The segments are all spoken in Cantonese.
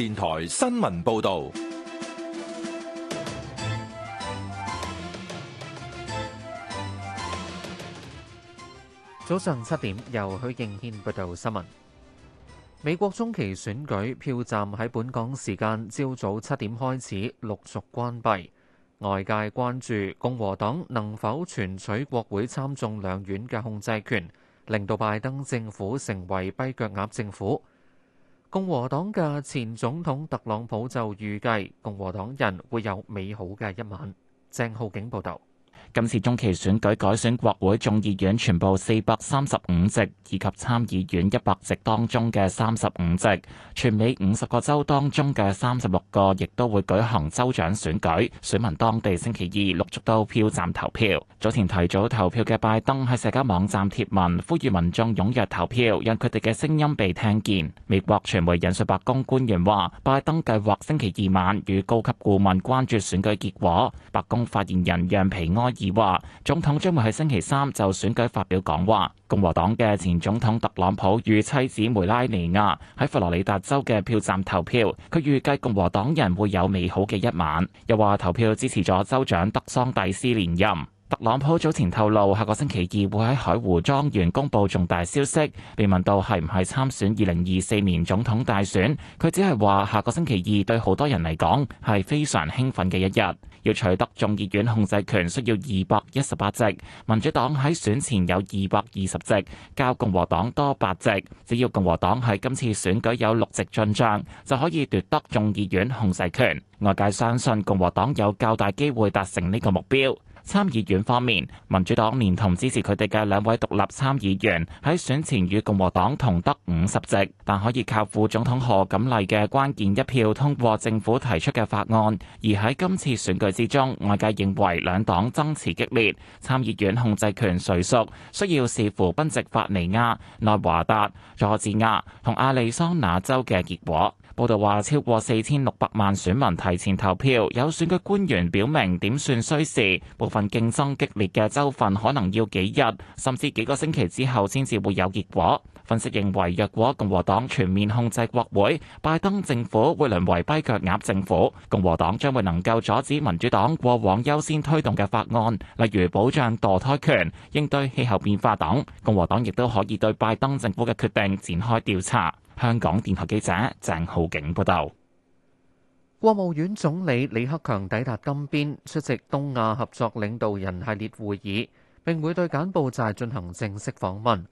電台新聞報道：早上七點，由許敬軒報道新聞。美國中期選舉票站喺本港時間朝早早七點開始陸續關閉，外界關注共和黨能否全取國會參眾兩院嘅控制權，令到拜登政府成為跛腳鴨政府。共和黨嘅前總統特朗普就預計共和黨人會有美好嘅一晚。鄭浩景報道。今次中期選舉改選國會眾議院全部四百三十五席，以及參議院一百席當中嘅三十五席，全美五十個州當中嘅三十六個亦都會舉行州長選舉。選民當地星期二陸續到票站投票。早前提早投票嘅拜登喺社交網站貼文，呼籲民眾踴躍投票，讓佢哋嘅聲音被聽見。美國傳媒引述白宮官員話，拜登計劃星期二晚與高級顧問關注選舉結果。白宮發言人讓皮安，而話總統將會喺星期三就選舉發表講話。共和黨嘅前總統特朗普與妻子梅拉尼亞喺佛羅里達州嘅票站投票，佢預計共和黨人會有美好嘅一晚，又話投票支持咗州長德桑蒂斯連任。特朗普早前透露，下個星期二會喺海湖莊園公布重大消息。被問到係唔係參選二零二四年總統大選，佢只係話下個星期二對好多人嚟講係非常興奮嘅一日。要取得眾議院控制權需要二百一十八席，民主黨喺選前有二百二十席，較共和黨多八席。只要共和黨喺今次選舉有六席進賬，就可以奪得眾議院控制權。外界相信共和黨有較大機會達成呢個目標。參議院方面，民主黨連同支持佢哋嘅兩位獨立參議員喺選前與共和黨同得五十席，但可以靠副總統賀錦麗嘅關鍵一票通過政府提出嘅法案。而喺今次選舉之中，外界認為兩黨爭持激烈，參議院控制權誰屬需要視乎賓夕法尼亞、內華達、佐治亞同亞利桑那州嘅結果。報道話，超過四千六百萬選民提前投票，有選舉官員表明點算需時，部分競爭激烈嘅州份可能要幾日，甚至幾個星期之後先至會有結果。分析認為，若果共和黨全面控制國會，拜登政府會淪為跛腳鴨政府。共和黨將會能夠阻止民主黨過往優先推動嘅法案，例如保障墮胎權、應對氣候變化等。共和黨亦都可以對拜登政府嘅決定展開調查。香港電台記者鄭浩景報道，國務院總理李克強抵達金邊出席東亞合作領導人系列會議，並會對柬埔寨進行正式訪問。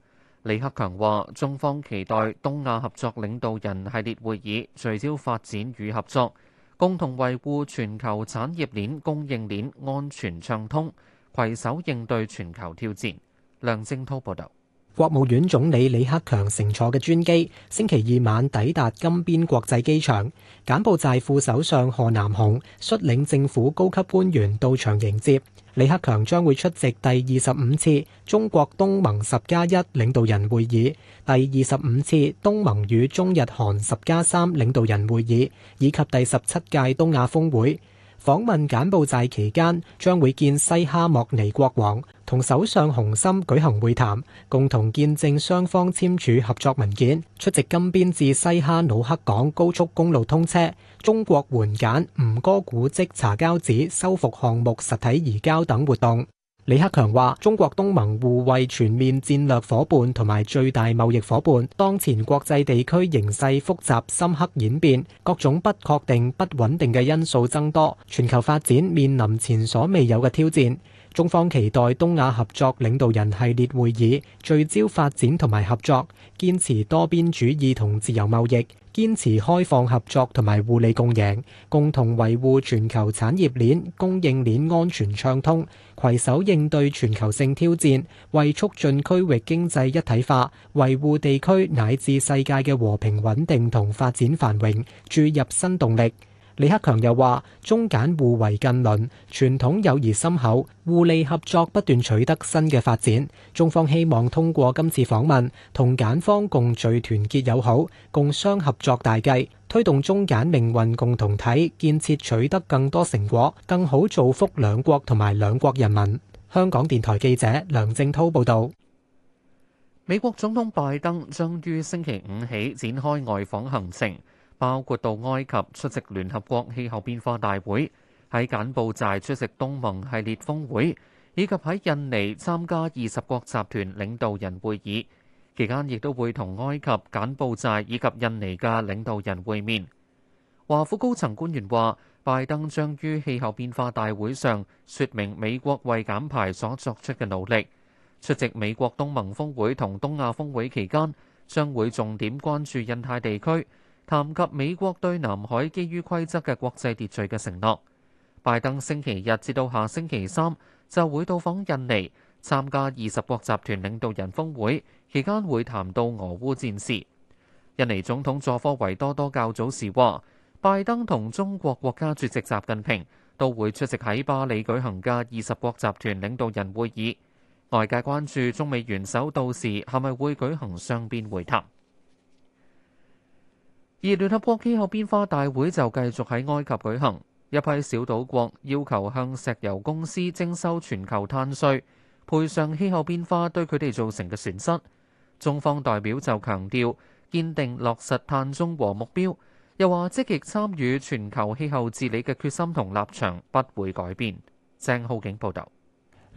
李克強話：中方期待東亞合作領導人系列會議聚焦發展與合作，共同維護全球產業鏈供應鏈安全暢通，携手應對全球挑戰。梁正濤報道。國務院總理李克強乘坐嘅專機，星期二晚抵達金邊國際機場。柬埔寨副首相賀南洪率領政府高級官員到場迎接李克強，將會出席第二十五次中國東盟十加一領導人會議、第二十五次東盟與中日韓十加三領導人會議以及第十七屆東亞峰會。訪問柬埔寨期間，將會見西哈莫尼國王，同首相洪森舉行會談，共同見證雙方簽署合作文件，出席金邊至西哈努克港高速公路通車、中國援柬吳哥古蹟茶膠寺修復項目實體移交等活動。李克強話：中國東盟互為全面戰略伙伴同埋最大貿易伙伴。當前國際地區形勢複雜、深刻演變，各種不確定、不穩定嘅因素增多，全球發展面臨前所未有嘅挑戰。中方期待東亞合作領導人系列會議聚焦發展同埋合作，堅持多邊主義同自由貿易，堅持開放合作同埋互利共贏，共同維護全球產業鏈供應鏈安全暢通，携手應對全球性挑戰，為促進區域經濟一體化、維護地區乃至世界嘅和平穩定同發展繁榮注入新動力。李克強又話：中柬互為近鄰，傳統友誼深厚，互利合作不斷取得新嘅發展。中方希望通過今次訪問，同柬方共聚團結友好，共商合作大計，推動中柬命運共同體建設取得更多成果，更好造福兩國同埋兩國人民。香港電台記者梁正滔報導。美國總統拜登將於星期五起展開外訪行程。包括到埃及出席聯合國氣候變化大會，喺柬埔寨出席東盟系列峰會，以及喺印尼參加二十國集團領導人會議。期間亦都會同埃及、柬埔寨以及印尼嘅領導人會面。華府高層官員話，拜登將於氣候變化大會上說明美國為減排所作出嘅努力。出席美國東盟峰會同東亞峰會期間，將會重點關注印太地區。談及美國對南海基於規則嘅國際秩序嘅承諾，拜登星期日至到下星期三就會到訪印尼參加二十國集團領導人峰會，期間會談到俄烏戰事。印尼總統佐科維多多較早時話，拜登同中國國家主席習近平都會出席喺巴黎舉行嘅二十國集團領導人會議。外界關注中美元首到時係咪會舉行雙邊會談。而聯合國氣候變化大會就繼續喺埃及舉行，一批小島國要求向石油公司徵收全球碳稅，賠償氣候變化對佢哋造成嘅損失。中方代表就強調堅定落實碳中和目標，又話積極參與全球氣候治理嘅決心同立場不會改變。鄭浩景報道。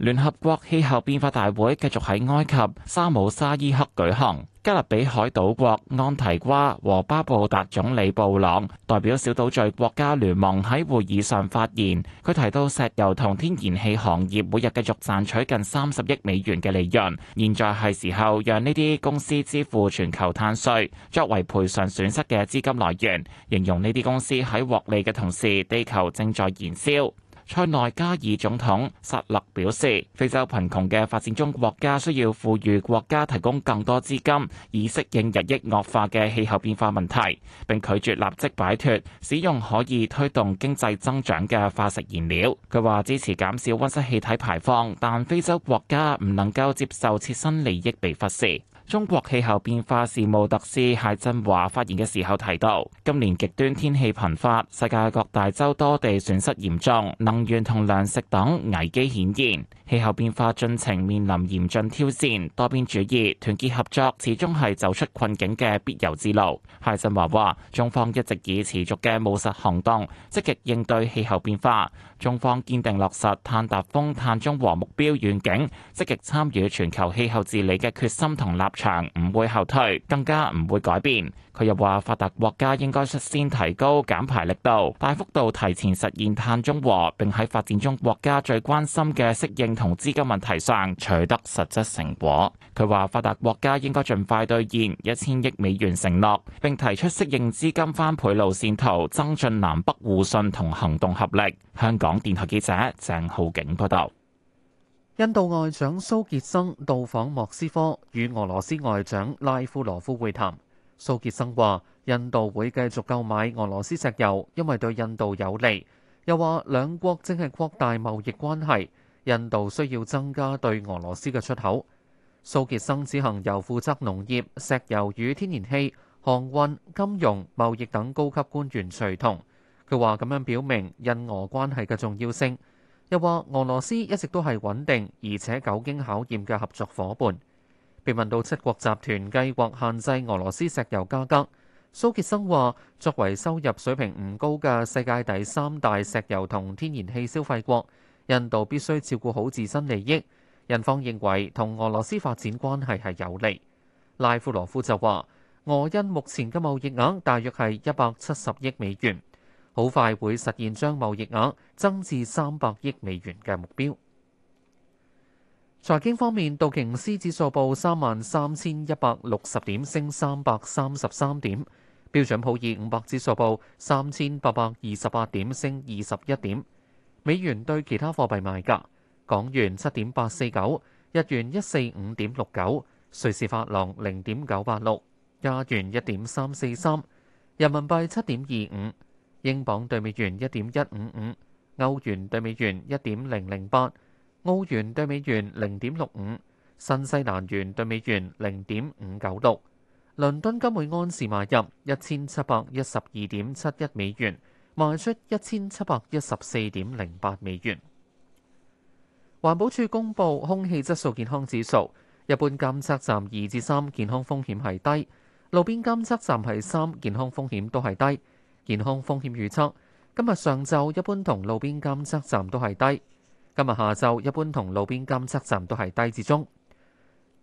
聯合國氣候變化大會繼續喺埃及沙姆沙伊克舉行。加勒比海島國安提瓜和巴布達總理布朗代表小島嶼國家聯盟喺會議上發言，佢提到石油同天然氣行業每日繼續賺取近三十億美元嘅利潤，現在係時候讓呢啲公司支付全球碳稅，作為賠償損失嘅資金來源。形容呢啲公司喺獲利嘅同時，地球正在燃燒。塞內加爾總統薩勒表示，非洲貧窮嘅發展中國家需要富裕國家提供更多資金，以適應日益惡化嘅氣候變化問題。並拒絕立即擺脫使用可以推動經濟增長嘅化石燃料。佢話支持減少溫室氣體排放，但非洲國家唔能夠接受切身利益被忽視。中國氣候變化事務特使解振華發言嘅時候提到，今年極端天氣頻發，世界各大洲多地損失嚴重，能源同糧食等危機顯現，氣候變化進程面臨嚴峻挑戰。多邊主義團結合作始終係走出困境嘅必由之路。解振華話，中方一直以持續嘅務實行動，積極應對氣候變化，中方堅定落實碳達峰、碳中和目標願景，積極參與全球氣候治理嘅決心同立場場唔會後退，更加唔會改變。佢又話，發達國家應該率先提高減排力度，大幅度提前實現碳中和，並喺發展中國家最關心嘅適應同資金問題上取得實質成果。佢話，發達國家應該盡快兌現一千億美元承諾，並提出適應資金翻倍路綫圖，增進南北互信同行動合力。香港電台記者鄭浩景報道。印度外長蘇傑生到訪莫斯科，與俄羅斯外長拉夫羅夫會談。蘇傑生話：印度會繼續購買俄羅斯石油，因為對印度有利。又話兩國正係擴大貿易關係，印度需要增加對俄羅斯嘅出口。蘇傑生此行有負責農業、石油與天然氣、航運、金融、貿易等高級官員隨同。佢話咁樣表明印俄關係嘅重要性。又話俄羅斯一直都係穩定而且久經考驗嘅合作伙伴。被問到七國集團計劃限制俄羅斯石油價格，蘇傑生話：作為收入水平唔高嘅世界第三大石油同天然氣消費國，印度必須照顧好自身利益。印方認為同俄羅斯發展關係係有利。拉夫羅夫就話：俄印目前嘅貿易額大約係一百七十億美元。好快會實現將貿易額增至三百億美元嘅目標。財經方面，道瓊斯指數報三萬三千一百六十點，升三百三十三點；標準普爾五百指數報三千八百二十八點，升二十一點。美元對其他貨幣賣價：港元七點八四九，日元一四五點六九，瑞士法郎零點九八六，加元一點三四三，人民幣七點二五。英鎊兌美元一點一五五，歐元兌美元一點零零八，澳元兌美元零點六五，新西蘭元兌美元零點五九六。倫敦金每安士買入一千七百一十二點七一美元，賣出一千七百一十四點零八美元。環保署公布空氣質素健康指數，一般監測站二至三，3, 健康風險係低；路邊監測站係三，健康風險都係低。健康風險預測：今日上晝一般同路邊監測站都係低；今日下晝一般同路邊監測站都係低至中。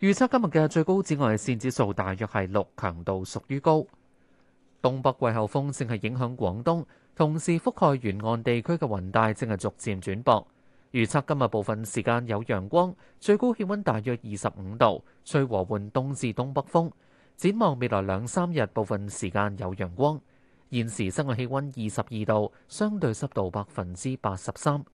預測今日嘅最高紫外線指數大約係六，強度屬於高。東北季候風正係影響廣東，同時覆蓋沿岸地區嘅雲帶正係逐漸轉薄。預測今日部分時間有陽光，最高氣温大約二十五度，吹和緩東至東北風。展望未來兩三日，部分時間有陽光。現時室外氣溫二十二度，相對濕度百分之八十三。